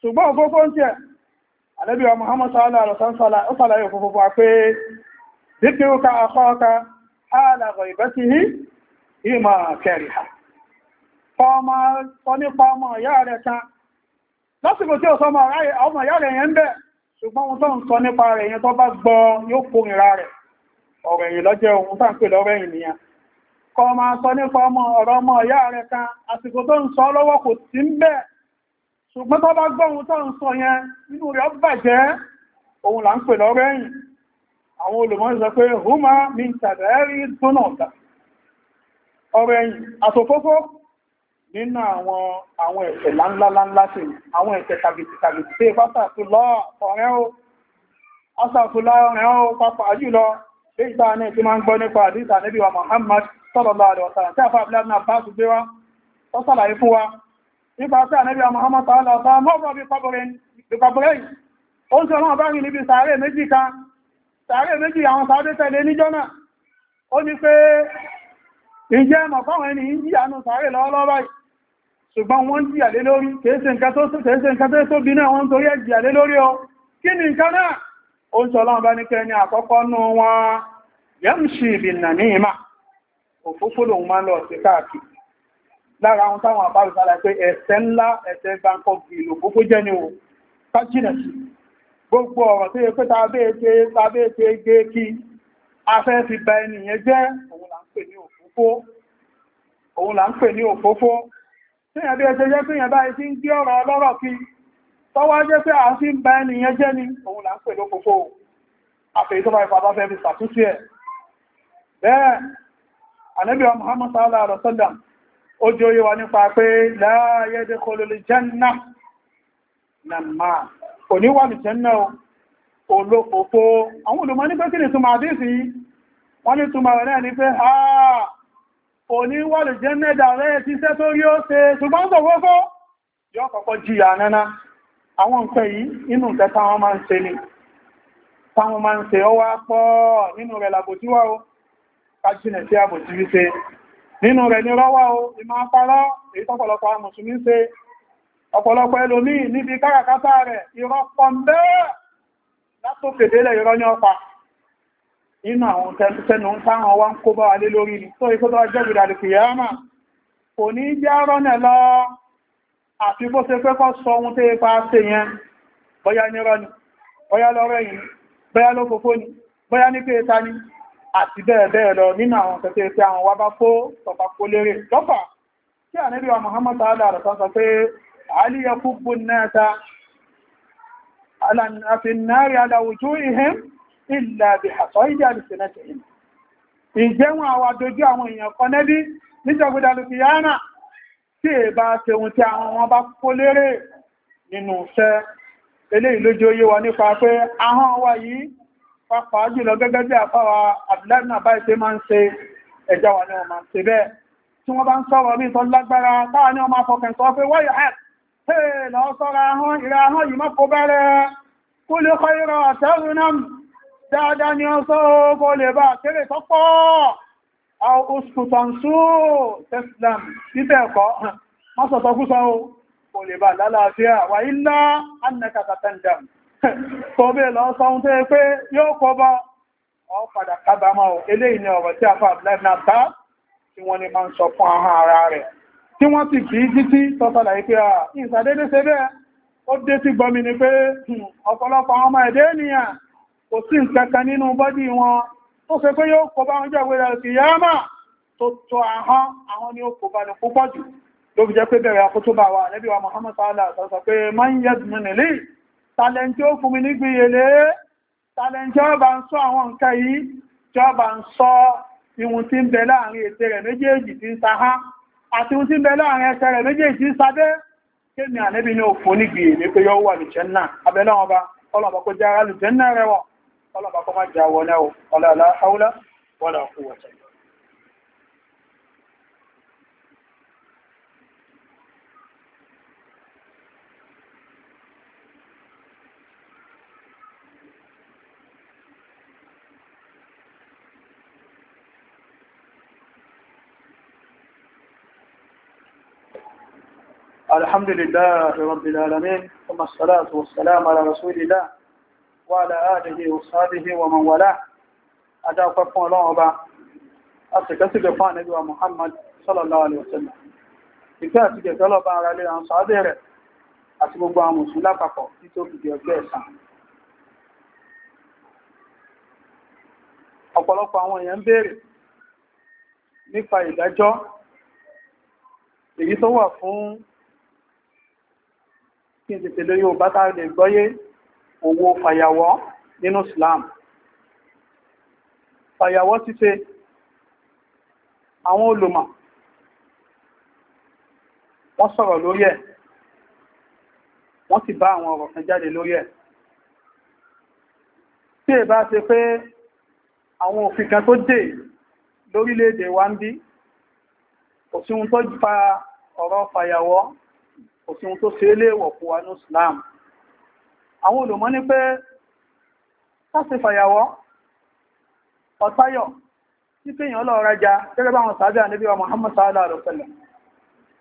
[SPEAKER 1] ṣùgbọ́n òfófó ń tẹ̀ ànábì wa muhammad sallallahu alaihi wasallam ó sàlàyé òfófó a wa pé dídúró ka àkọ́ọ̀ka àlàrọ̀ ìbẹ́sí yìí ìmọ̀ kẹrì ha fọ́ nípa ọmọ ìyá rẹ̀ kan lásìkò tí ó sọ ọmọ ìyá rẹ̀ yẹn bẹ ṣùgbọ́n tó bá gbọ́hun tó ń sọ yẹn nínú rẹ̀ bàjẹ́ òun là ń pè lọ́rẹ́yìn àwọn olùmọ̀ sọ pé huma min tàbẹ́rí tónàdà ọrẹ́yìn àtòfófó nínú àwọn àwọn ẹ̀ṣẹ̀ láńláńlá sí àwọn ẹ̀ṣẹ̀ nípa pé ànẹ́bí Muhammad tààlà ọ̀tá mọ́bọ̀ bí kọbùrẹ́ o ń sọ́rọ̀ bá rí níbi sàárè méjì kan sàárè méjì àwọn sàádé tẹ̀lé níjọ́ náà ó ní pé ìjẹ́ mọ̀kànwọ́ ẹni ìyànú sàárè lọ́wọ́lọ́wọ́ ṣùgbọ́n wọ́n jìyà lé lórí kèése nǹkan tó tóbi náà wọ́n torí ẹ̀jìyà lé lórí ọ kí ni nǹkan náà ó ń sọ́lọ́wọ́ bá ní kẹni àkọ́kọ́ nú wọn yẹ́mṣì ìbìnà ní ìmá òfófó lòun lára àwọn táwọn àbárùsára pé ẹ̀ṣẹ̀ ńlá ẹ̀ṣẹ̀ bankọ́ gbìlò gbogbo jẹ́ ni o kájìnà sí gbogbo ọ̀rọ̀ tó yẹ pé tàbí ṣe gé kí afẹ́ fi ba ẹnìyàn jẹ́ òun là ń pè ní òfófó tíyàn bí ẹ̀ṣẹ̀ jẹ́ pé yẹn báyìí sí ń gbé ọ̀rọ̀ ọlọ́rọ̀ kí tọ́wọ́ jẹ́ pé a fi ń ba ẹnìyàn jẹ́ ni òun là ń pè lófófó àfẹ́ tó bá ifá bá fẹ́ fi ṣàtúnṣe ẹ̀ bẹ́ẹ̀ ànábì wa Muhammad sallallahu alaihi wa sallam ó jẹ́ oyé wa nípa pé láàáyẹ́dẹ́ kọlọlẹ̀ jẹ́nà nàmà oníwà ní jẹ́nà olófòfó àwọn olùmọ̀ ní pẹ́kì ní túnmà àdísì wọ́n ní túnmà rẹ̀ ní pé ha oníwà ní jẹ́nà dàrẹ́ ti sẹ́ tó rí ó ṣe ṣùgbọ́n sọ̀fófó yọ kọ̀kọ́ jìyà nánà àwọn nǹkan yìí inú ni táwọn máa ń ṣe ọwá pọ̀ nínú rẹ̀ làbòtíwá o ká jìnà sí àbòtí wípé nínú rẹ̀ ni rọ́wọ́ o ìmọ̀ apárá èyí tọ́pọ̀lọpọ̀ amùsùnmí ṣe ọ̀pọ̀lọpọ̀ ẹlòmí níbi káràkátà rẹ̀ irọ́ pọ̀ ń bẹ́ẹ̀ látòkèdélẹ̀ ní ọpa inú àwọn tẹnu táwọn wá ń kó bá wa lórí ni tó ikú tó wá jẹ́gbìdà àdìkì yáàmà kò ní jẹ́ rọ́nà lọ àti bó ṣe pẹ́kọ́ sọ ohun tó ipa ṣe yẹn bóyá nírọ́ ni bóyá lọ́rọ̀ yìí bóyá lófófó ni bóyá ní kéta ni àti bẹ́ẹ̀ bẹ́ẹ̀ lọ nínú àwọn tẹ́tẹ́ pé àwọn wá bá kó tọpa kó lérè lọ́fà kí à níbi wa Muhammad sallallahu alaihi wasallam sọ pé àálíyẹ kúkú náà ta àfìnnárí aláwùjú ihim ìlà bí àtọ́ ìdí àdìsínẹ́tẹ̀yìn ìjẹ́wọ̀n àwọn àdojú àwọn èèyàn pápá jùlọ gẹ́gẹ́ bí àpáwà àbìlẹ́nà bá ṣe máa ń ṣe ẹjá wà ní ọmọ ṣe bẹ́ẹ̀ tí wọ́n bá ń sọ̀rọ̀ bí ìtọ́ lágbára táà ní ọmọ afọkàn sọ pé wọ́yọ̀ ẹ̀ tẹ́ lọ sọ́ra ahọ́n ìrà ahọ́n yìí mọ́kò bẹ̀rẹ̀ kó lè kọ́ ìrọ̀ àtẹ́rùn náà dáadáa ni ọsọ́ kó lè tó bẹ́ẹ̀ lọ sọ ohun tó yẹ pé yóò kọ́ bá ọ padà kábàámọ̀ o eléyìí ni ọ̀rọ̀ tí àfà abdullahi bá tí wọ́n ní máa ń sọ fún ahọ́n ara rẹ̀ tí wọ́n ti kì í títí tọ́sọ̀lá yìí pé à ìsàdédé ṣe bẹ́ẹ̀ ó dé sí gbọmi ni pé hmm, ọ̀pọ̀lọpọ̀ àwọn ọmọ ẹ̀dẹ́ ènìyàn kò sí nǹkan kan nínú bọ́dì wọn tó ṣe pé yóò kọ́ bá wọn jẹ́ ìwé rẹ̀ yáàmà tó tọ ahọ́n àwọn ni ó kò bá ní púpọ̀ jù ló fi jẹ́ tàlẹ̀ntí ó fún mi nígbìyànlé tàlẹ̀ntí ọba ń sọ àwọn nǹkan yìí tí ọba ń sọ ihun tí ń bẹ láàrin ètè rẹ̀ méjèèjì tí ń àti tí ń bẹ láàrin rẹ̀ méjèèjì ń kémi ànẹ́bí ní pé yọ ọba الحمد لله رب العالمين ثم الصلاة والسلام على رسول الله وعلى آله وصحبه ومن والاه أدعوكم الله وبا أتكتب فان نبي محمد صلى الله عليه وسلم ìkẹ́ẹ̀sìkẹ̀ tọ́lọ̀ bá ara lé àwọn sọ́ọ́dẹ̀ rẹ̀ àti gbogbo àwọn mùsùn lápapọ̀ tí tó fìdí ọjọ́ ẹ̀sàn ọ̀pọ̀lọpọ̀ àwọn èèyàn béèrè nípa ìdájọ́ èyí tó wà fún kí n sì pèlè yóò bá tá lè gbọ́yé owó fàyàwọ́ nínú Islam fàyàwọ́ ṣíṣe àwọn olùmọ̀ wọ́n sọ̀rọ̀ lórí ẹ̀ wọ́n sì bá àwọn ọ̀rọ̀ kan jáde lórí ẹ̀ tí è bá ṣe pé àwọn òfin kan tó dé lórílẹ̀-èdè wa ń bí òsìn tó fa ọ̀rọ̀ fàyàwọ́ òsìn tó ṣe léèwọ̀ fún wa ní Islam àwọn olùmọ́ ní pé sáṣe fàyàwọ́ ọ̀táyọ̀ tí kéèyàn lọ rajà gẹ́gẹ́ bá wọn sàábí àníbí wa Muhammad sallallahu alaihi wasallam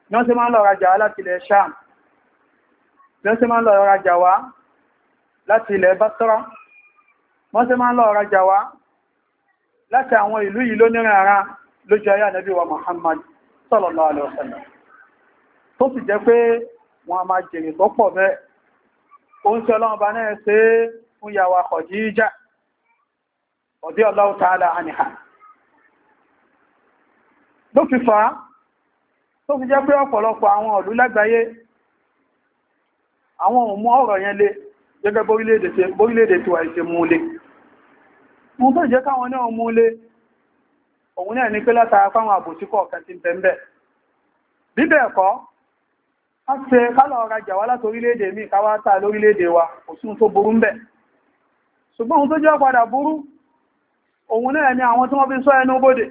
[SPEAKER 1] ni wọ́n ṣe máa ń lọ rajà láti ilẹ̀ Sham ni wọ́n ṣe máa ń lọ rajà wá wa Muhammad sallallahu alaihi wasallam tó sì jẹ́ pé wọn a máa jèrè tó pọ̀ bẹ́ẹ̀ ó ń sọ ọlọ́run bá náà ṣe fún ìyàwó Khadija ọdí Allahu ta'ala àníhà ló fi fà á tó fi jẹ́ pé ọ̀pọ̀lọpọ̀ àwọn ìlú lágbàáyé àwọn òmú ọ̀rọ̀ yẹn lé gẹ́gẹ́ bórílẹ̀-èdè tí wà ìṣe mú lé mú tó jẹ́ káwọn náà mú lé òun náà ní pé látara fáwọn àbòsí kọ̀ọ̀kan ti bẹ̀m̀bẹ̀ bíbẹ̀ ẹ̀kọ́ a ṣe kálọ̀ ọ̀rajà wá láti orílẹ̀-èdè mi káwá lórílẹ̀-èdè wa kò tó burú mbẹ̀ ṣùgbọ́n tó jẹ́ padà burú òun náà ni àwọn tí wọ́n fi sọ ẹnu bóde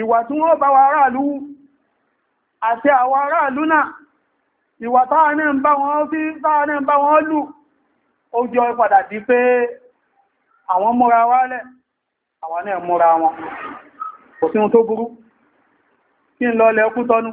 [SPEAKER 1] ìwà tí wọ́n bá wa aráàlú àti àwọn aráàlú náà ìwà lù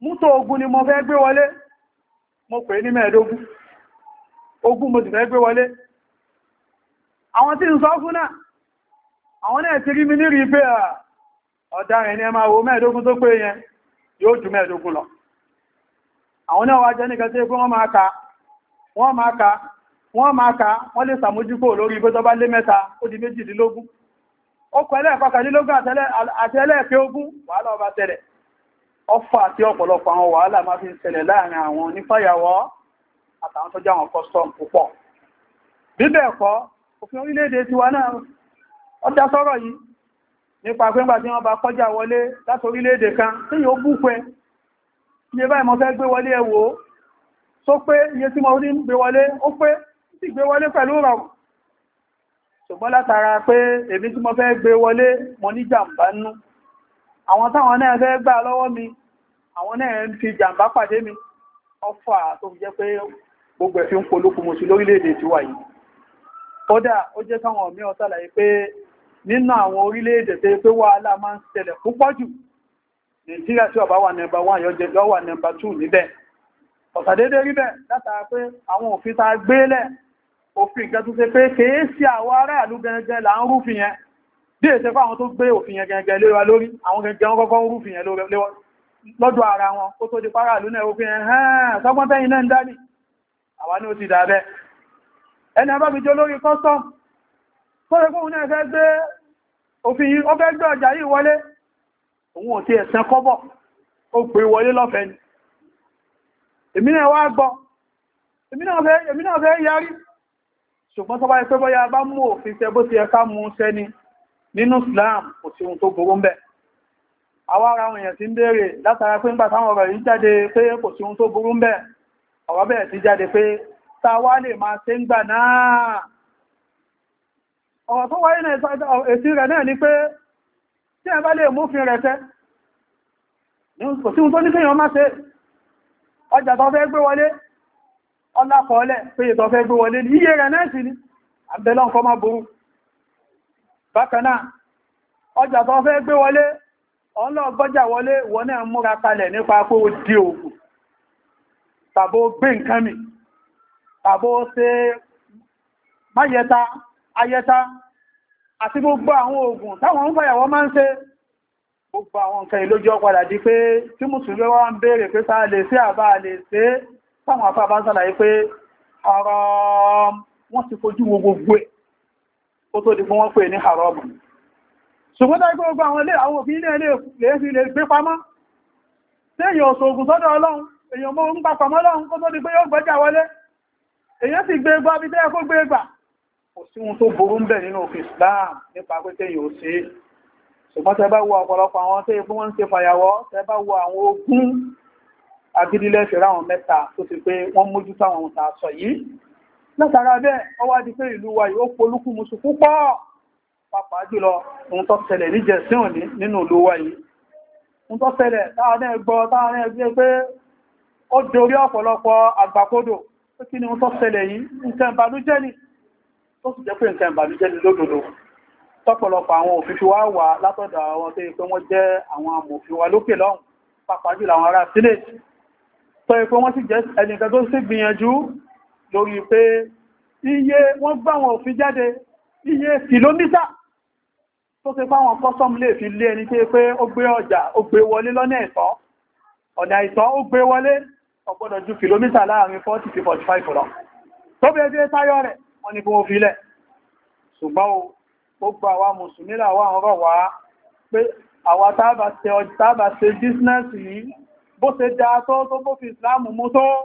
[SPEAKER 1] muto ogun ni mo fẹ́ gbé wọlé mo pè ní mẹ́ẹ̀dógún ogún mo ti fẹ́ gbé wọlé àwọn tí ń sọ fún náà àwọn náà ti rí mi nírí pé ọ̀daràn ni ẹ wo mẹ́ẹ̀dógún tó pé yẹn yóò mẹ́ẹ̀dógún lọ àwọn náà wá jẹ́ ebe wọn wọ́n máa ka wọ́n máa ka wọ́n máa ka wọ́n lè sàmójúkò lórí ibi tó bá lé mẹ́ta ó di méjìdínlógún ó kọ ọba ọfà àti ọ̀pọ̀lọpọ̀ àwọn wàhálà máa fi ń ṣẹlẹ̀ láàrin àwọn onífàyàwọ́ àtàwọn tó jáwọn custom púpọ̀ bíbẹ̀ ẹ̀kọ́ òfin orílẹ̀-èdè tiwa náà ó dá sọ́rọ̀ yìí nípa pé ńgbà tí wọ́n bá kọjá wọlé láti orílẹ̀-èdè kan tí yóò búpẹ́ iye báyìí mo fẹ́ gbé wọlé ẹ̀wò tó pé iye tí àwọn táwọn náà fẹ́ gbà lọ́wọ́ mi àwọn náà ń fi jàǹbá pàdé mi ọfà tó fi jẹ́ pé gbogbo ẹ̀fí ń polúkú mo sí lórílẹ̀-èdè tí wà yìí kódà ó jẹ́ káwọn mí ọ̀sàlàyé pé nínú àwọn orílẹ̀-èdè tó pé wàhálà máa ń ṣẹlẹ̀ púpọ̀ jù nàìjíríà tí ọba wà nẹmbà wà yọjẹ lọ wà nẹmbà tù níbẹ̀ ọ̀sàdédé rí bẹ̀ látara pé àwọn òfin tá a gbélẹ̀ òfin ìgbẹ́ tó ṣe pé kèé sí àwọn aráàlú gẹ́gẹ́ là ń rúfin yẹn bí èsẹ fáwọn tó gbé òfin yẹn gẹ̀ẹ́gẹ̀ léwa lórí àwọn gẹ̀ẹ́gẹ̀ wọn kọ́kọ́ ń rúfin yẹn lọ́dọ̀ ara wọn kó tó di párà ìlú náà ó fi ẹ̀hán sọ́gbọ́n tẹ́yìn náà ń dá ní àwa ní ó ti dà bẹ́ ẹni abábijó lórí custom tó rẹ̀ fóun náà fẹ́ gbé òfin yìí ó fẹ́ gbé ọjà yìí wọlé òun ò ti ẹ̀sẹ̀ kọ́bọ̀ nínú Islam kò sí ohun tó burú ń bẹ̀ àwa ara àwọn èèyàn ti ń béèrè látara pé nígbà táwọn ọ̀rọ̀ yìí jáde pé kò sí ohun tó burú ń bẹ̀ ọ̀rọ̀ bẹ̀rẹ̀ sí jáde pé ta wá lè máa ṣe ń gbà náà ọ̀rọ̀ tó wáyé náà èsì rẹ̀ náà ni pé tí ẹ bá lè múfin rẹ̀ tẹ́ kò sí ohun tó gbé wọlé ọlákọ̀ọ́lẹ̀ iye rẹ̀ náà sì ni àbẹ̀lọ́nkọ́ má burú bákanáà ọjà tó fẹ́ gbé wọlé ọlọ́gbọ́jà wọlé wọ́n náà múra kalẹ̀ nípa pé ó di òògùn tàbó gbé nǹkan mi tàbó ṣe máyẹta ayẹta àti gbogbo àwọn òògùn táwọn ń fàyàwó máa ń ṣe gbogbo àwọn nǹkan ìlójú ọpadà di pé tí mùsùlùmí wá ń béèrè pé sáà lè ṣe àbá lè ṣe táwọn afá bá ń sàlàyé pé ọ̀rọ̀ wọ́n ti fojú wo gbogbo ó tó di fún wọ́n pè ní haramu ṣùgbọ́n tàbí gbogbo àwọn ilé àwọn òfin ilé ilé fi lè gbé pamọ́ tí èyàn òṣògùn sọ́dọ̀ ọlọ́run èyàn mọ́ ń papamọ́ lọ́run kó tó di pé yóò gbẹ́jà wọlé èyàn sì gbé gbá bí tẹ́ẹ̀ kó gbé gbà kò sí ohun tó burú ń bẹ̀ nínú òfin Islam nípa pé tẹ́yìn ò sí ṣùgbọ́n tẹ́ bá wo ọ̀pọ̀lọpọ̀ àwọn tẹ́yìn fún wọ́n ń ṣe fàyàwọ́ tẹ́ bá wo àwọn ogun agídílẹ̀ ṣe ráwọn mẹ́ta tó ti pé wọ́n mójútó àwọn ohun tá sọ yìí látara bẹ́ẹ̀ ó wá di pé ìlú wa yóò polúkú musu púpọ̀ pàápàá jùlọ ohun tó ṣẹlẹ̀ ní jẹ̀sìn òní nínú ìlú wa yìí ohun tó ṣẹlẹ̀ táàrin ẹgbọ́ táàrin ẹgbẹ́ pé ó dorí ọ̀pọ̀lọpọ̀ àgbàkodò pé kí ni ohun tó ṣẹlẹ̀ yìí nǹkan ìbànújẹ́ ni tó sì jẹ́ pé nǹkan ìbànújẹ́ ni lódodo tọ́pọ̀lọpọ̀ àwọn òfin fi wá wà látọ̀dọ̀ àwọn tó yẹ pé wọ́n jẹ́ àwọn amòfin wa lókè lọ́hùn pàápàá jùlọ àwọn ará sílẹ̀ tó yẹ wọ́n sì jẹ́ ẹnìkan tó sì gbìyànjú lórí pé iye wọ́n gbá wọn òfin jáde iye kìlómítà tó ṣe fáwọn kọ́sọ́m lè fi lé ẹni tí pé ó gbé ọjà ó gbé wọlé lọ́nà ẹ̀tọ́ ọ̀nà ìtọ́ ó gbé wọlé ó gbọ́dọ̀ ju kìlómítà láàrin 40-45 lọ tó bẹ́ẹ̀ dé táyọ rẹ̀ wọ́n ní kí wọ́n filẹ̀ ṣùgbọ́n gbogbo àwa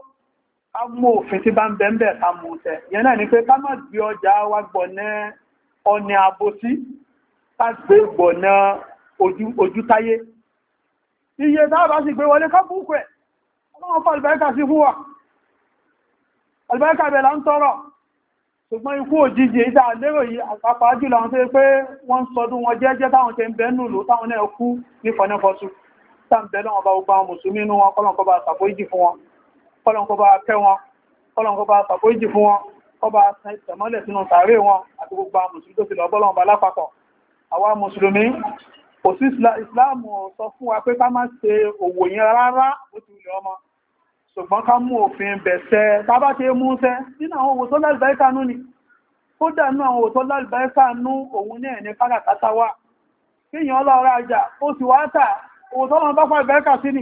[SPEAKER 1] a mú òfin tí bá ń bẹ̀m̀bẹ̀ a mú tẹ̀ yẹn náà ni pé ká má gbé ọjà wa gbọ̀nà ọ̀nà àbòsí ká gbé gbọ̀nà ojútáyé iye tábà sì gbé wọlé kápùkù ẹ̀ ọlọ́run fà àlùbáríkà sí fún wa àlùbáríkà bẹ̀rẹ̀ ń tọrọ ṣùgbọ́n ikú òjijì ìdá lérò yìí àpapọ̀ jùlọ àwọn tó yẹ pé wọ́n ń sọdún wọn jẹ́jẹ́ táwọn tẹ ń bẹ́ nù ló táwọn náà kú ní fọ́nẹ́fọ́sù tá ń bẹ́ lọ́wọ́ bá gbogbo àwọn mùsùlùmí inú wọn kọ́lọ̀kọ́ bá ṣàforíjì fún wọn kọ́lọ̀kọ́bá kẹ́ wọn kọ́lọ̀kọ́bá sàkójì fún wọn kọba tẹ̀mọ́lẹ̀ sínú tààrí wọn àti gbogbo mùsùlùmí tó fi lọ bọ́lọ̀ ọba lápapọ̀ àwa mùsùlùmí kò sí ìsìláàmù sọ fún wa pé ká má ṣe òwò yẹn rárá ó ti wùlẹ̀ ọmọ ṣùgbọ́n ká mú òfin bẹ̀ṣẹ̀ tábà ṣe mú ṣẹ́ nínú àwọn òwò tó lálùbáríkà nú ni ó dànú àwọn òwò tó lálùbáríkà nú òun náà ní káràkátà wa kéèyàn lọ ra ọjà ó sì wá tà òwò tó lọ bá fà bẹ́ẹ̀kà sí ni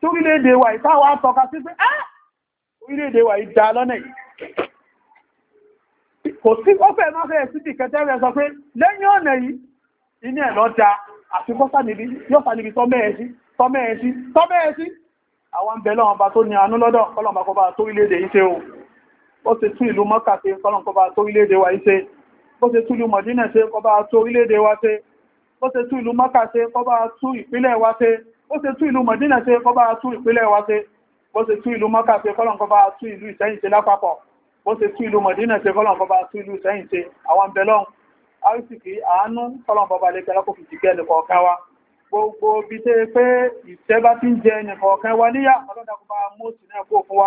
[SPEAKER 1] torílẹ̀-èdè wa ìtawà tọ́ka sí pé á orílẹ̀-èdè wa ìdá lọ́nà yìí kò sí ọ́fẹ́ máa fẹ́ ti kẹtẹ́rẹ sọ pé lẹ́yìn ọ̀nà yìí inú ẹ̀ lọ́dá àti kọ́sà níbi yọ́sà níbi tọ́mẹ́ẹ̀sí tọ́mẹ́ẹ̀sí tọ́mẹ́ẹ̀sí àwọn ń bẹ lọ́wọ́n bá tó ní àánú lọ́dọ̀ kọ́lọ̀mọ́kọ́bá o ó ti tún ìlú mọ́kà ṣe kọ́lọ̀mọ́kọ́bá torílẹ̀-èdè wa yìí ṣe bó ṣe tún ìlú mọ̀dínà ṣe kọ́bá torílẹ̀-èdè wa ṣe bó ṣe tún ìlú mọ́kà ṣe kọ́bá wa ṣe ó ṣe tú ìlú Mọ̀dínà ṣe kọ́ bá tú ìpínlẹ̀ wa ṣe bó se tú ìlú Mọ́kà ṣe kọ́lọ̀n kọ́ bá tú ìlú Ìṣẹ́yìn ṣe lápapọ̀ bó ṣe tú ìlú Mọ̀dínà ṣe kọ́lọ̀n kọ́ bá tú ìlú Ìṣẹ́yìn ṣe àwọn bẹ̀lọ́n àrísìkì àánú kọ́lọ̀n bọ́ba lè kẹ́lọ́kù fi jìgẹ́ nìkọ̀ọ̀kan wa gbogbo bí tẹ́ pé ìṣẹ́ bá ti ń jẹ nìkọ̀ọ̀kan wa níyà Ọlọ́run dákun bá mú sí náà kó fún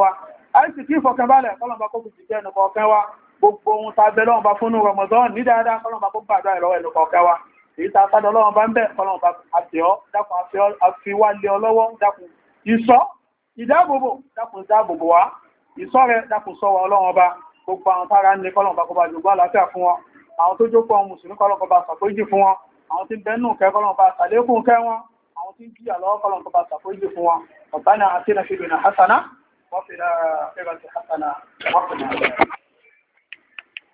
[SPEAKER 1] wa àìsì kí ìfọ̀kànbalẹ̀ kọlọ̀mbà kó fi jìjẹ́ ẹnù kọ̀ọ̀kẹ́ wa gbogbo ohun ta bẹ lọ́wọ́n bá fúnnú Ramadan ní dáadáa kọlọ̀mbà kó gbàdúrà ìlọ́wọ́ ẹnù kọ̀ọ̀kẹ́ wa èyí ta sádọ́ lọ́wọ́n bá ń bẹ̀ kọlọ̀mbà àfihàn dákun àfiwá lé ọlọ́wọ́ dákun ìṣọ́ ìdáàbòbò dákun dáàbòbò wa ìṣọ́ rẹ dákun sọ wa ọlọ́wọ́n bá gbogbo àwọn tára ní kọlọ̀mbà kó bá jù gbọ́ àlàáfíà fún wọn àwọn tó jókòó àwọn mùsùlùmí kọlọ̀mbà bá ṣàpèjì fún wọn àwọn tí ń bẹ́nù kẹ́ kọlọ̀mbà ṣàlékún kẹ́ wọn àwọn tí ń jìyà lọ́wọ́ kọlọ̀mbà ṣàpèjì fún wọn ọ̀tánà àti nàṣẹ́gbẹ̀nà hasana وصل قبل حسنة وقنا